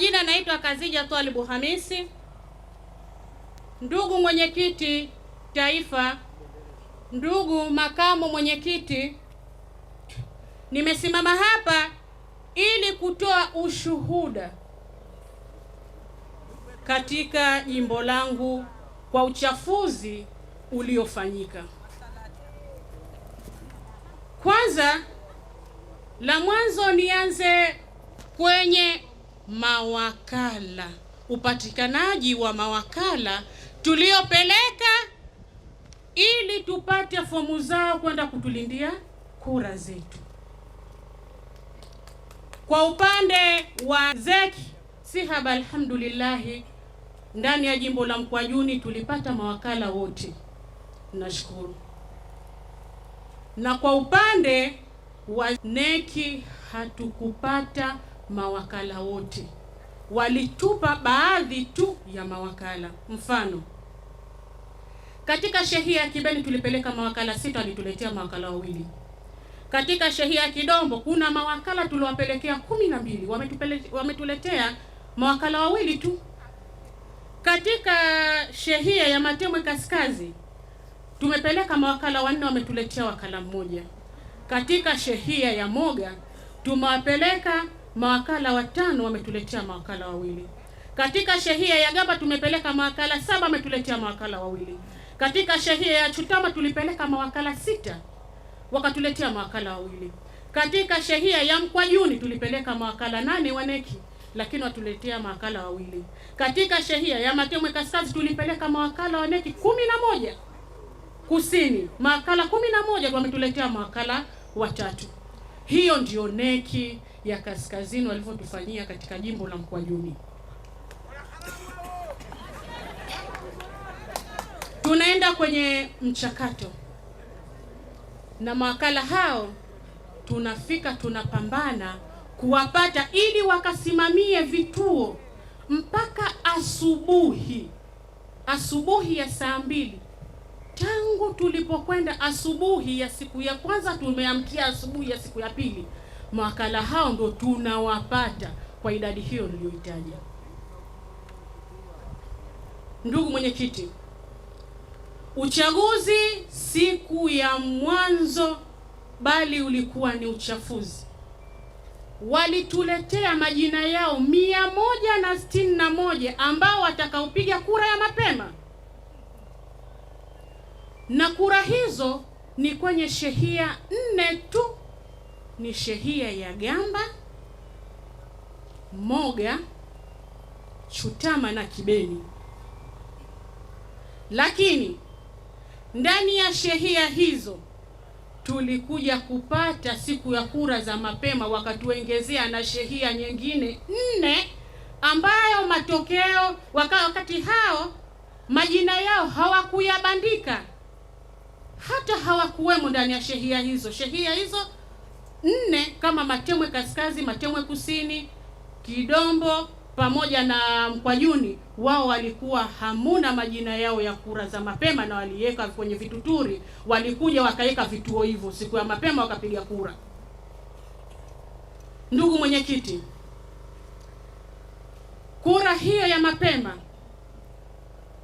Jina naitwa Kazija Twalibu Hamisi, ndugu mwenyekiti taifa, ndugu makamu mwenyekiti, nimesimama hapa ili kutoa ushuhuda katika jimbo langu kwa uchafuzi uliofanyika. Kwanza la mwanzo nianze kwenye mawakala, upatikanaji wa mawakala tuliopeleka ili tupate fomu zao kwenda kutulindia kura zetu. Kwa upande wa ZEC Sihaba, alhamdulillahi, ndani ya jimbo la Mkwajuni tulipata mawakala wote, nashukuru. Na kwa upande wa neki hatukupata mawakala wote, walitupa baadhi tu ya mawakala. Mfano, katika shehia ya Kibeni tulipeleka mawakala sita, walituletea mawakala wawili. Katika shehia ya Kidombo kuna mawakala tuliwapelekea kumi na mbili, wametuletea mawakala wawili tu. Katika shehia ya Matemwe Kaskazi tumepeleka mawakala wanne, wametuletea wakala mmoja. Katika shehia ya Moga tumewapeleka mawakala watano wametuletea mawakala wawili. Katika shehia ya Gaba tumepeleka mawakala saba, wametuletea mawakala wawili. Katika shehia ya Chutama tulipeleka mawakala sita, wakatuletea mawakala wawili. Katika shehia ya Mkwajuni tulipeleka mawakala nane wa lakini watuletea mawakala wawili. Katika shehia ya Matemwe Kaskazi tulipeleka mawakala wa neki kumi na moja kusini mawakala kumi na moja wametuletea mawakala watatu. Hiyo ndiyo neki ya kaskazini walivyotufanyia katika jimbo la Mkwajuni. Tunaenda kwenye mchakato na mawakala hao, tunafika tunapambana kuwapata ili wakasimamie vituo mpaka asubuhi, asubuhi ya saa mbili. Tangu tulipokwenda asubuhi ya siku ya kwanza, tumeamkia asubuhi ya siku ya pili mawakala hao ndo tunawapata kwa idadi hiyo niliyoitaja. Ndugu mwenyekiti, uchaguzi siku ya mwanzo, bali ulikuwa ni uchafuzi. Walituletea majina yao mia moja na sitini na moja ambao watakaopiga kura ya mapema, na kura hizo ni kwenye shehia nne tu ni shehia ya Gamba, Moga, Chutama na Kibeni. Lakini ndani ya shehia hizo tulikuja kupata siku ya kura za mapema, wakatuongezea na shehia nyingine nne, ambayo matokeo waka wakati hao majina yao hawakuyabandika, hata hawakuwemo ndani ya shehia hizo. Shehia hizo nne kama Matemwe Kaskazi, Matemwe Kusini, Kidombo pamoja na Mkwajuni, wao walikuwa hamuna majina yao ya kura za mapema, na waliweka kwenye vituturi, walikuja wakaweka vituo hivyo siku ya mapema wakapiga kura. Ndugu mwenyekiti, kura hiyo ya mapema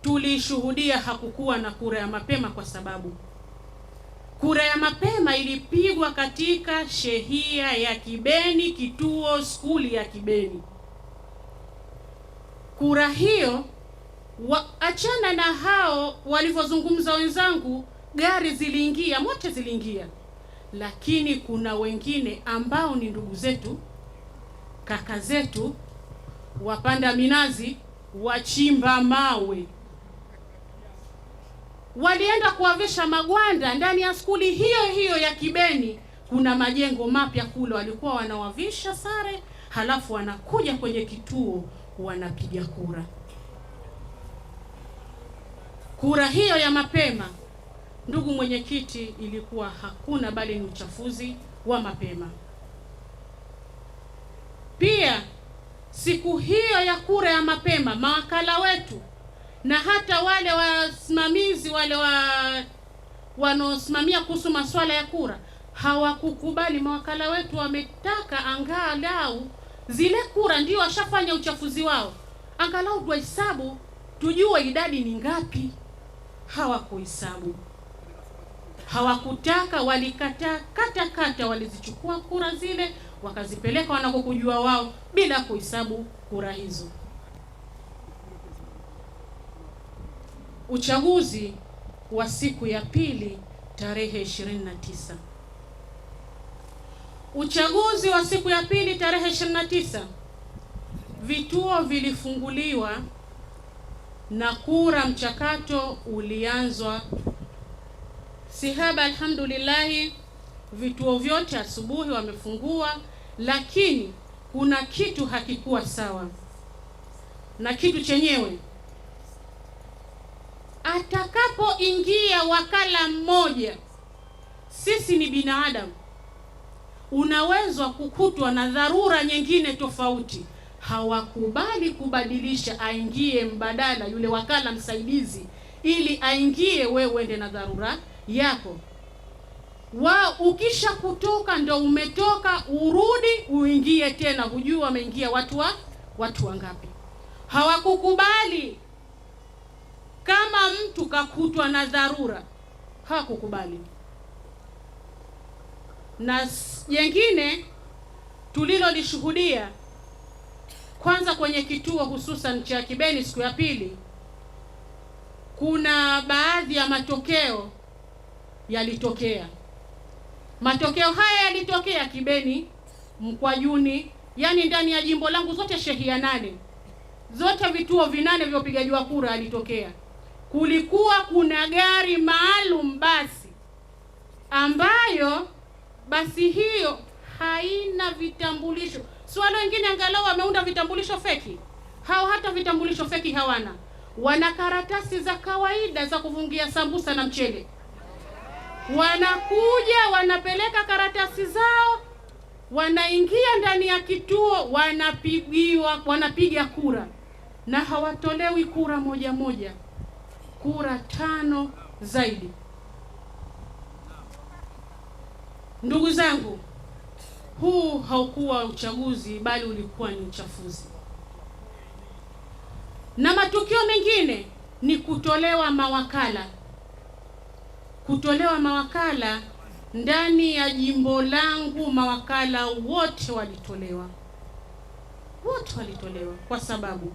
tuliishuhudia, hakukuwa na kura ya mapema kwa sababu Kura ya mapema ilipigwa katika shehia ya Kibeni, kituo skuli ya Kibeni. Kura hiyo wa, achana na hao walivyozungumza wenzangu, gari ziliingia mote, ziliingia lakini kuna wengine ambao ni ndugu zetu, kaka zetu, wapanda minazi, wachimba mawe walienda kuwavisha magwanda ndani ya skuli hiyo hiyo ya Kibeni. Kuna majengo mapya kule, walikuwa wanawavisha sare, halafu wanakuja kwenye kituo wanapiga kura. Kura hiyo ya mapema, ndugu mwenyekiti, ilikuwa hakuna bali ni uchafuzi wa mapema. Pia siku hiyo ya kura ya mapema, mawakala wetu na hata wale wasimamizi wale wa wanaosimamia kuhusu masuala ya kura hawakukubali. Mawakala wetu wametaka angalau zile kura, ndio washafanya uchafuzi wao, angalau tuhesabu, tujue idadi ni ngapi. Hawakuhesabu, hawakutaka, walikataa kata kata. Walizichukua kura zile wakazipeleka wanakokujua wao bila kuhesabu kura hizo. uchaguzi wa siku ya pili tarehe 29. Uchaguzi wa siku ya pili tarehe 29, vituo vilifunguliwa na kura mchakato ulianzwa. Sihaba, alhamdulillahi, vituo vyote asubuhi wamefungua, lakini kuna kitu hakikuwa sawa na kitu chenyewe atakapoingia wakala mmoja, sisi ni binadamu, unaweza kukutwa na dharura nyingine tofauti. Hawakubali kubadilisha, aingie mbadala yule wakala msaidizi, ili aingie, wewe uende na dharura yako wao ukisha kutoka ndo umetoka, urudi uingie tena, hujua wameingia watu wa watu wangapi. Hawakukubali kama mtu kakutwa na dharura hakukubali. Na jengine tulilolishuhudia kwanza kwenye kituo hususan cha Kibeni siku ya pili, kuna baadhi ya matokeo yalitokea. Matokeo haya yalitokea Kibeni, Mkwajuni, yani ndani ya jimbo langu zote shehia nane, zote vituo vinane vya upigaji wa kura yalitokea kulikuwa kuna gari maalum basi ambayo basi hiyo haina vitambulisho. Si wale wengine angalau wameunda vitambulisho feki? Hao hata vitambulisho feki hawana, wana karatasi za kawaida za kufungia sambusa na mchele. Wanakuja wanapeleka karatasi zao, wanaingia ndani ya kituo, wanapigiwa, wanapiga kura na hawatolewi kura moja moja kura tano zaidi. Ndugu zangu, huu haukuwa uchaguzi bali ulikuwa ni uchafuzi, na matukio mengine ni kutolewa mawakala, kutolewa mawakala ndani ya jimbo langu. Mawakala wote walitolewa, wote walitolewa kwa sababu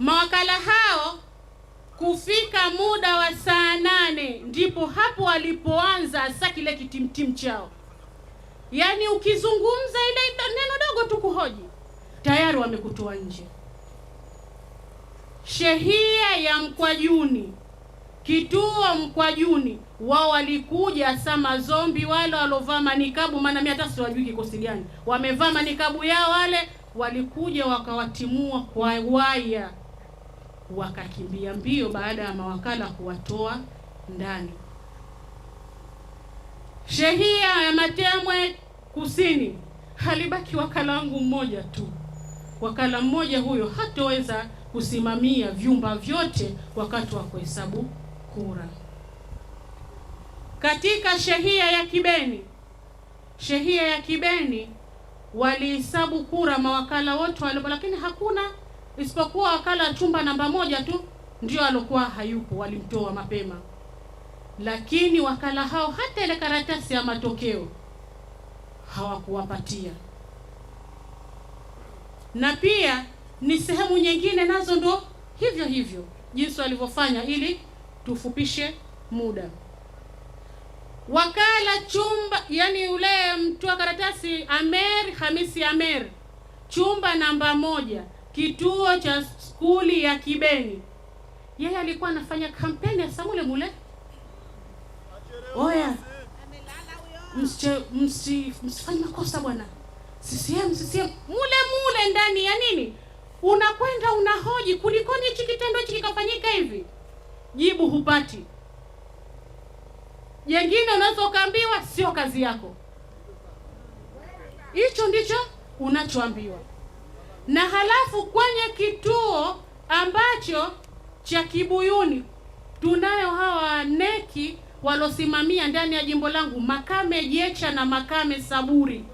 Mawakala hao kufika muda wa saa nane ndipo hapo walipoanza hasa kile kitimtim chao, yaani ukizungumza ile neno dogo tu kuhoji tayari wamekutoa nje. Shehia ya Mkwajuni, kituo Mkwajuni, wao walikuja sa mazombi wale walovaa manikabu, maana mimi hata siwajui kikosi gani, wamevaa manikabu yao wale, walikuja wakawatimua kwa waya wakakimbia mbio baada ya mawakala kuwatoa ndani. Shehia ya Matemwe Kusini halibaki wakala wangu mmoja tu. Wakala mmoja huyo hataweza kusimamia vyumba vyote wakati wa kuhesabu kura. Katika shehia ya Kibeni, shehia ya Kibeni walihesabu kura mawakala wote walipo, lakini hakuna isipokuwa wakala chumba namba moja tu ndio alokuwa hayupo, walimtoa mapema. Lakini wakala hao hata ile karatasi ya matokeo hawakuwapatia. Na pia ni sehemu nyingine nazo ndo hivyo hivyo jinsi walivyofanya, ili tufupishe muda. Wakala chumba, yani ule mtu wa karatasi Amer Hamisi Amer, chumba namba moja kituo cha skuli ya Kibeni. Yeye alikuwa anafanya kampeni ya Samuel Mule. Oya, msifanye makosa bwana. CCM CCM mule mule ndani ya nini? Unakwenda unahoji kulikoni hichi kitendo hichi kikafanyika hivi? Jibu hupati. Jengine unaweza ukaambiwa sio kazi yako. Hicho ndicho unachoambiwa na halafu kwenye kituo ambacho cha Kibuyuni tunayo hawa neki walosimamia ndani ya jimbo langu Makame Jecha na Makame Saburi.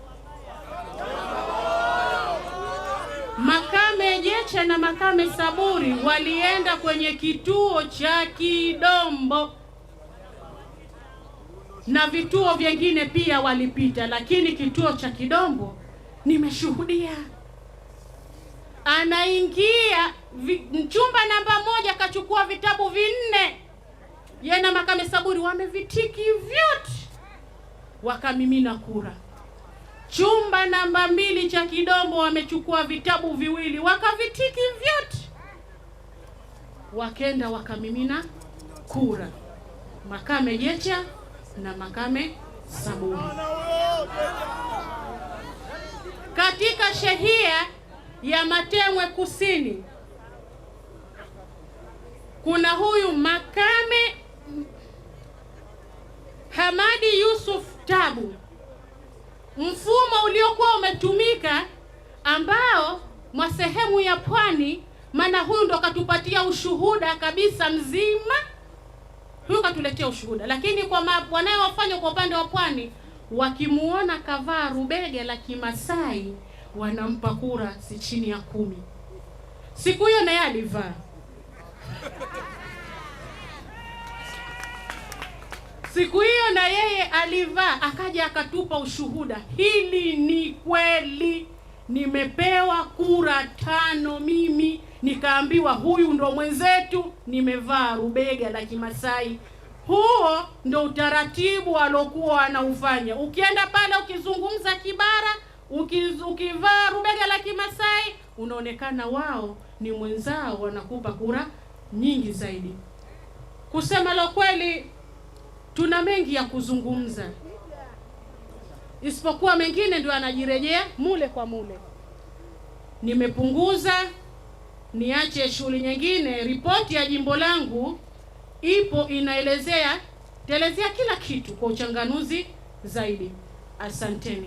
Makame Jecha na Makame Saburi walienda kwenye kituo cha Kidombo na vituo vyengine pia walipita, lakini kituo cha Kidombo nimeshuhudia anaingia chumba namba moja, akachukua vitabu vinne, ye na Makame Saburi wamevitiki vyote, wakamimina kura. Chumba namba mbili cha Kidombo wamechukua vitabu viwili, wakavitiki vyote, wakenda wakamimina kura Makame Jecha na Makame Saburi katika shehia ya Matemwe Kusini kuna huyu Makame Hamadi Yusuf Tabu. Mfumo uliokuwa umetumika ambao mwa sehemu ya pwani, maana huyu ndo akatupatia ushuhuda kabisa mzima, huyu katuletea ushuhuda, lakini kwa wanayowafanya kwa upande wa pwani, wakimuona kavaa rubege la Kimasai wanampa kura si chini ya kumi. Siku hiyo naye alivaa siku hiyo na yeye alivaa, akaja akatupa ushuhuda, hili ni kweli, nimepewa kura tano mimi, nikaambiwa huyu ndo mwenzetu, nimevaa rubega la Kimasai. Huo ndo utaratibu alokuwa anaufanya. Ukienda pale ukizungumza Kibara ukivaa rubega la Kimasai unaonekana wao ni mwenzao, wanakupa kura nyingi zaidi. Kusema la kweli, tuna mengi ya kuzungumza, isipokuwa mengine ndio anajirejea mule kwa mule. Nimepunguza niache shughuli nyingine. Ripoti ya jimbo langu ipo, inaelezea telezea kila kitu kwa uchanganuzi zaidi. Asanteni.